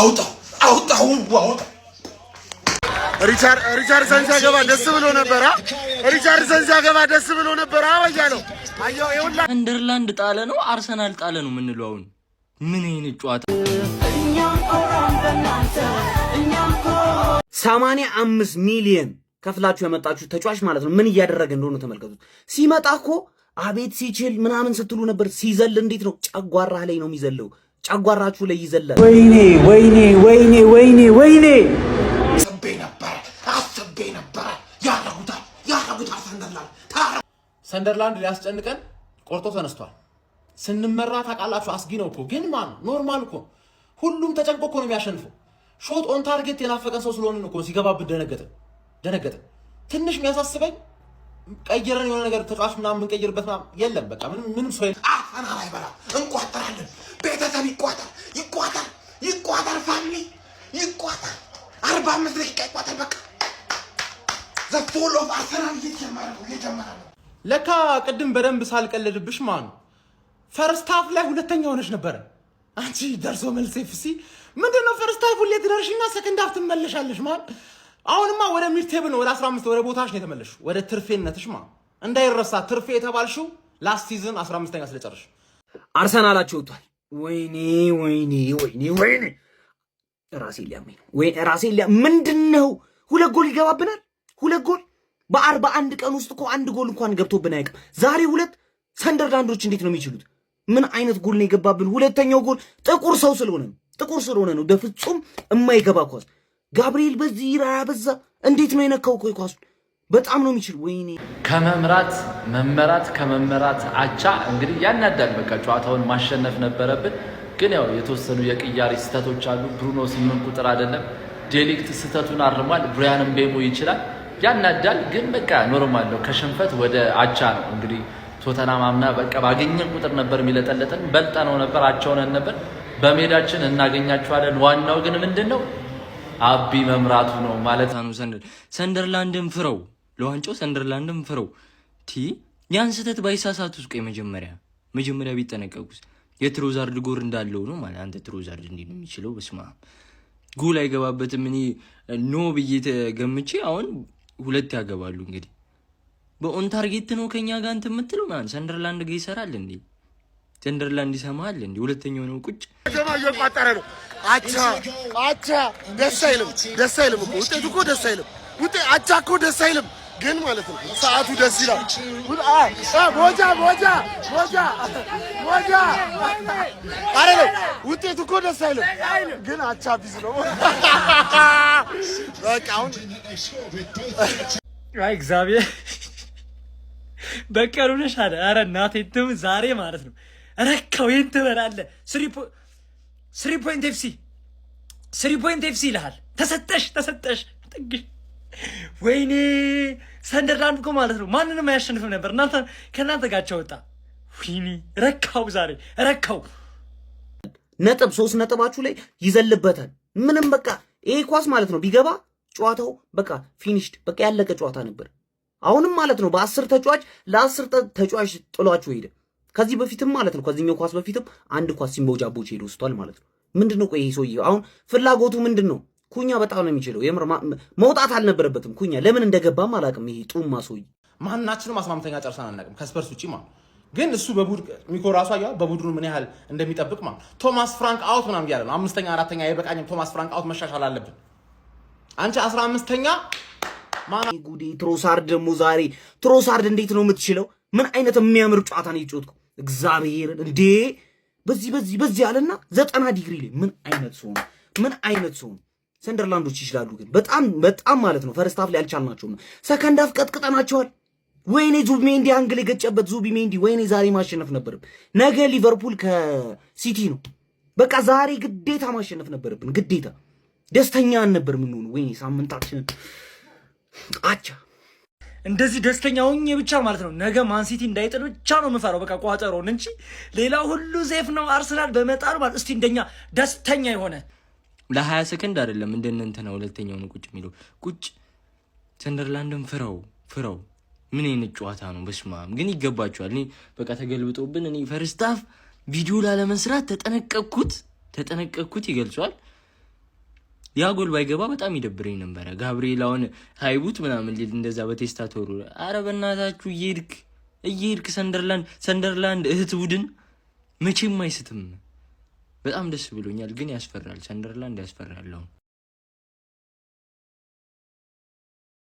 አውጣው አውጣው አውጣው። ሪቻርድሰን ሲያገባ ደስ ብሎ ነበር። ሪቻርድ ሪቻርድሰን ሲያገባ ደስ ብሎ ነበር። ነው አወያለው ሰንደርላንድ ጣለ ነው አርሰናል ጣለ ነው የምንለው። አሁን ምን አይነት ጨዋታ! ሰማንያ አምስት ሚሊየን ከፍላችሁ የመጣችሁ ተጫዋች ማለት ነው። ምን እያደረገ እንደሆነ ተመልከቱት። ሲመጣ እኮ አቤት ሲችል ምናምን ስትሉ ነበር። ሲዘል እንዴት ነው ጨጓራህ ላይ ነው የሚዘለው ጨጓራችሁ ላይ ይዘላል። ወይኔ ወይኔ ወይኔ ወይኔ ወይኔ አስቤ ነበረ አስቤ ነበረ ያረጉታል ያረጉታል። ሰንደርላንድ ሰንደርላንድ ሊያስጨንቀን ቆርጦ ተነስቷል። ስንመራ ታውቃላችሁ፣ አስጊ ነው እኮ ግን ማን ኖርማል እኮ ሁሉም ተጨንቆ እኮ ነው የሚያሸንፈው። ሾት ኦን ታርጌት የናፈቀን ሰው ስለሆንን እኮ ሲገባብን ደነገጥን ደነገጠ። ትንሽ የሚያሳስበኝ ቀይረን የሆነ ነገር ተጫዋች ምናምን ብንቀይርበት የለም በቃ ምንም ምንም ሰው አርሰናል አይበላም እንቋጠራለን ቤተሰብ ይቋጠር ይቋጠር ይቋጠር ፋሚሊ ይቋጠር። አርባ አምስት ደቂቃ ይቋጠር። በቃ ዘፎል ኦፍ አርሰናል እየጀመረ ነው እየጀመረ ነው። ለካ ቅድም በደንብ ሳልቀልድብሽ ማን ፈርስት ሀፍ ላይ ሁለተኛ ሆነች ነበረ። አንቺ ደርሶ መልስ ኤፍሲ ምንድን ነው? ፈርስት ሀፍ ሁሌ ትደርሽና ሰከንድ ሀፍ ትመለሻለሽ። ማለት አሁንማ ወደ ሚድ ቴብል ወደ 15 ወደ ቦታሽ ነው የተመለስሽው፣ ወደ ትርፌነትሽ ማ እንዳይረሳ ትርፌ የተባልሽው ላስት ሲዝን 15ኛ ስለጨርሽ አርሰናላችሁ ወጥቷል። ወይኔ ወይኔ ወይኔ ወይኔ ራሴ ሊያመኝ ነው ወይ ራሴ ሊያ ምንድን ነው? ሁለት ጎል ይገባብናል። ሁለት ጎል በአርባ አንድ ቀን ውስጥ እኮ አንድ ጎል እንኳን ገብቶብን አያውቅም። ዛሬ ሁለት ሰንደርላንዶች እንዴት ነው የሚችሉት? ምን አይነት ጎል ነው የገባብን? ሁለተኛው ጎል ጥቁር ሰው ስለሆነ ነው ጥቁር ስለሆነ ነው። በፍጹም የማይገባ ኳስ ጋብርኤል በዚህ ራያ በዛ እንዴት ነው የነካው? ቆይ ኳሱን በጣም ነው የሚችል። ወይኔ ከመምራት መመራት ከመመራት አቻ እንግዲህ ያናዳል። በቃ ጨዋታውን ማሸነፍ ነበረብን፣ ግን ያው የተወሰኑ የቅያሪ ስህተቶች አሉ። ብሩኖ ስምንት ቁጥር አይደለም፣ ዴሊክት ስህተቱን አርሟል። ብሪያንም ቤሞ ይችላል። ያናዳል፣ ግን በቃ ኖርማል ነው። ከሽንፈት ወደ አቻ ነው እንግዲህ ቶተናም አምና በቃ ባገኘን ቁጥር ነበር የሚለጠለጠን። በልጠነው ነበር፣ አቻውነን ነበር። በሜዳችን እናገኛቸዋለን። ዋናው ግን ምንድን ነው አቢ መምራቱ ነው ማለት ነው። ሰንደርላንድን ፍረው ለዋንጫው ሰንደርላንድም ፍረው ቲ ያን ስህተት ባይሳሳት ውስጥ የመጀመሪያ መጀመሪያ ቢጠነቀቁስ የትሮዛርድ ጎር እንዳለው ነው ማለት አንተ ትሮዛርድ እንዲ ነው የሚችለው። በስማ ጎል አይገባበትም። እኔ ኖ ብዬ ተገምቼ አሁን ሁለት ያገባሉ። እንግዲህ በኦን ታርጌት ነው ከኛ ጋር እንትን የምትለው ማለት ሰንደርላንድ ጋር ይሰራል እንዲ ሰንደርላንድ ይሰማል እንዲ ሁለተኛው ነው ቁጭ ገማ እየቋጠረ ነው። አቻ አቻ ደስ አይልም። ደስ አይልም እኮ ውጤቱ እኮ ደስ አይልም። ውጤት አቻ እኮ ደስ አይልም። ግን ማለት ነው ሰዓቱ ደስ ይላል። ሞጃ ሞጃ ሞጃ ሞጃ አረ ነው ውጤቱ እኮ ደስ አይልም፣ ግን አቻ ቢዝ ነው በቃ። አሁን አይ እግዚአብሔር በቀሉ ነሽ አለ። አረ እናቴ እንትም ዛሬ ማለት ነው ረካው ይህን ትበላለህ። ስሪ ፖይንት ኤፍሲ ስሪ ፖይንት ኤፍሲ ይልሃል። ተሰጠሽ ተሰጠሽ ጥግሽ ወይኔ ሰንደርላንድ እኮ ማለት ነው ማንንም አያሸንፍም ነበር። እናንተ ከእናንተ ጋቻ ወጣ። ዊኒ ረካው፣ ዛሬ ረካው። ነጥብ ሶስት ነጥባችሁ ላይ ይዘልበታል። ምንም በቃ ይሄ ኳስ ማለት ነው ቢገባ ጨዋታው በቃ ፊኒሽድ በቃ ያለቀ ጨዋታ ነበር። አሁንም ማለት ነው በአስር ተጫዋች ለአስር ተጫዋች ጥሏችሁ ሄደ። ከዚህ በፊትም ማለት ነው ከዚህኛው ኳስ በፊትም አንድ ኳስ ሲንቦጃቦች ሄዶ ስቷል ማለት ነው። ምንድን ነው ቆይ ይሄ ሰውዬ አሁን ፍላጎቱ ምንድን ነው? ኩኛ በጣም ነው የሚችለው። የምር መውጣት አልነበረበትም ኩኛ። ለምን እንደገባም አላውቅም። ይሄ ጡማ ሰውዬ ማናችንም አስማምተኛ ጨርሰን አናውቅም ከስፐርስ ውጭ ማለት ግን እሱ ሚኮ ራሱ አያ በቡድኑ ምን ያህል እንደሚጠብቅ ማ ቶማስ ፍራንክ አውት ምናምን እያለ ነው። አምስተኛ አራተኛ የበቃኝም ቶማስ ፍራንክ አውት መሻሻል አለብን። አንቺ አስራ አምስተኛ ጉዴ። ትሮሳርድ ደግሞ ዛሬ ትሮሳርድ እንዴት ነው የምትችለው? ምን አይነት የሚያምር ጨዋታ ነው የጮትኩ እግዚአብሔር እንዴ! በዚህ በዚህ በዚህ አለና ዘጠና ዲግሪ ላይ ምን አይነት ሰው ነው? ምን አይነት ሰው ነው? ሰንደርላንዶች ይችላሉ፣ ግን በጣም በጣም ማለት ነው። ፈርስት ሀፍ ላይ አልቻልናቸውም። ሰከንድ ሀፍ ቀጥቅጠናቸዋል። ወይኔ ሜንዲ አንግል የገጨበት ሜንዲ ወይኔ ዛሬ ማሸነፍ ነበረብን። ነገ ሊቨርፑል ከሲቲ ነው። በቃ ዛሬ ግዴታ ማሸነፍ ነበረብን። ግዴታ ደስተኛ ነበር የምንሆኑ። ወይኔ ሳምንታችንን አቻ እንደዚህ ደስተኛ ሆኜ ብቻ ማለት ነው። ነገ ማንሲቲ እንዳይጥል ብቻ ነው የምፈራው። በቃ ቋጠሮን እንጂ ሌላ ሁሉ ዜፍ ነው። አርሰናል በመጣሉ ማለት እስቲ እንደኛ ደስተኛ የሆነ ለሀያ ሰከንድ አይደለም እንደነ እንትና ሁለተኛው ነው ቁጭ የሚለው ቁጭ ሰንደርላንድን ፍረው ፍረው። ምን አይነት ጨዋታ ነው? በስማም ግን ይገባቸዋል። እኔ በቃ ተገልብጦብን። እኔ ፈርስታፍ ቪዲዮ ላለመስራት ተጠነቀቅኩት ተጠነቀቅኩት ይገልጿል። ያ ጎል ባይገባ በጣም ይደብረኝ ነበረ። ጋብርኤል አሁን ሀይቡት ምናምን ሊል እንደዛ በቴስታ ተወሩ። አረ በእናታችሁ እየሄድክ እየሄድክ ሰንደርላንድ ሰንደርላንድ እህት ቡድን መቼም አይስትም። በጣም ደስ ብሎኛል። ግን ያስፈራል፣ ሰንደርላንድ ያስፈራለሁ።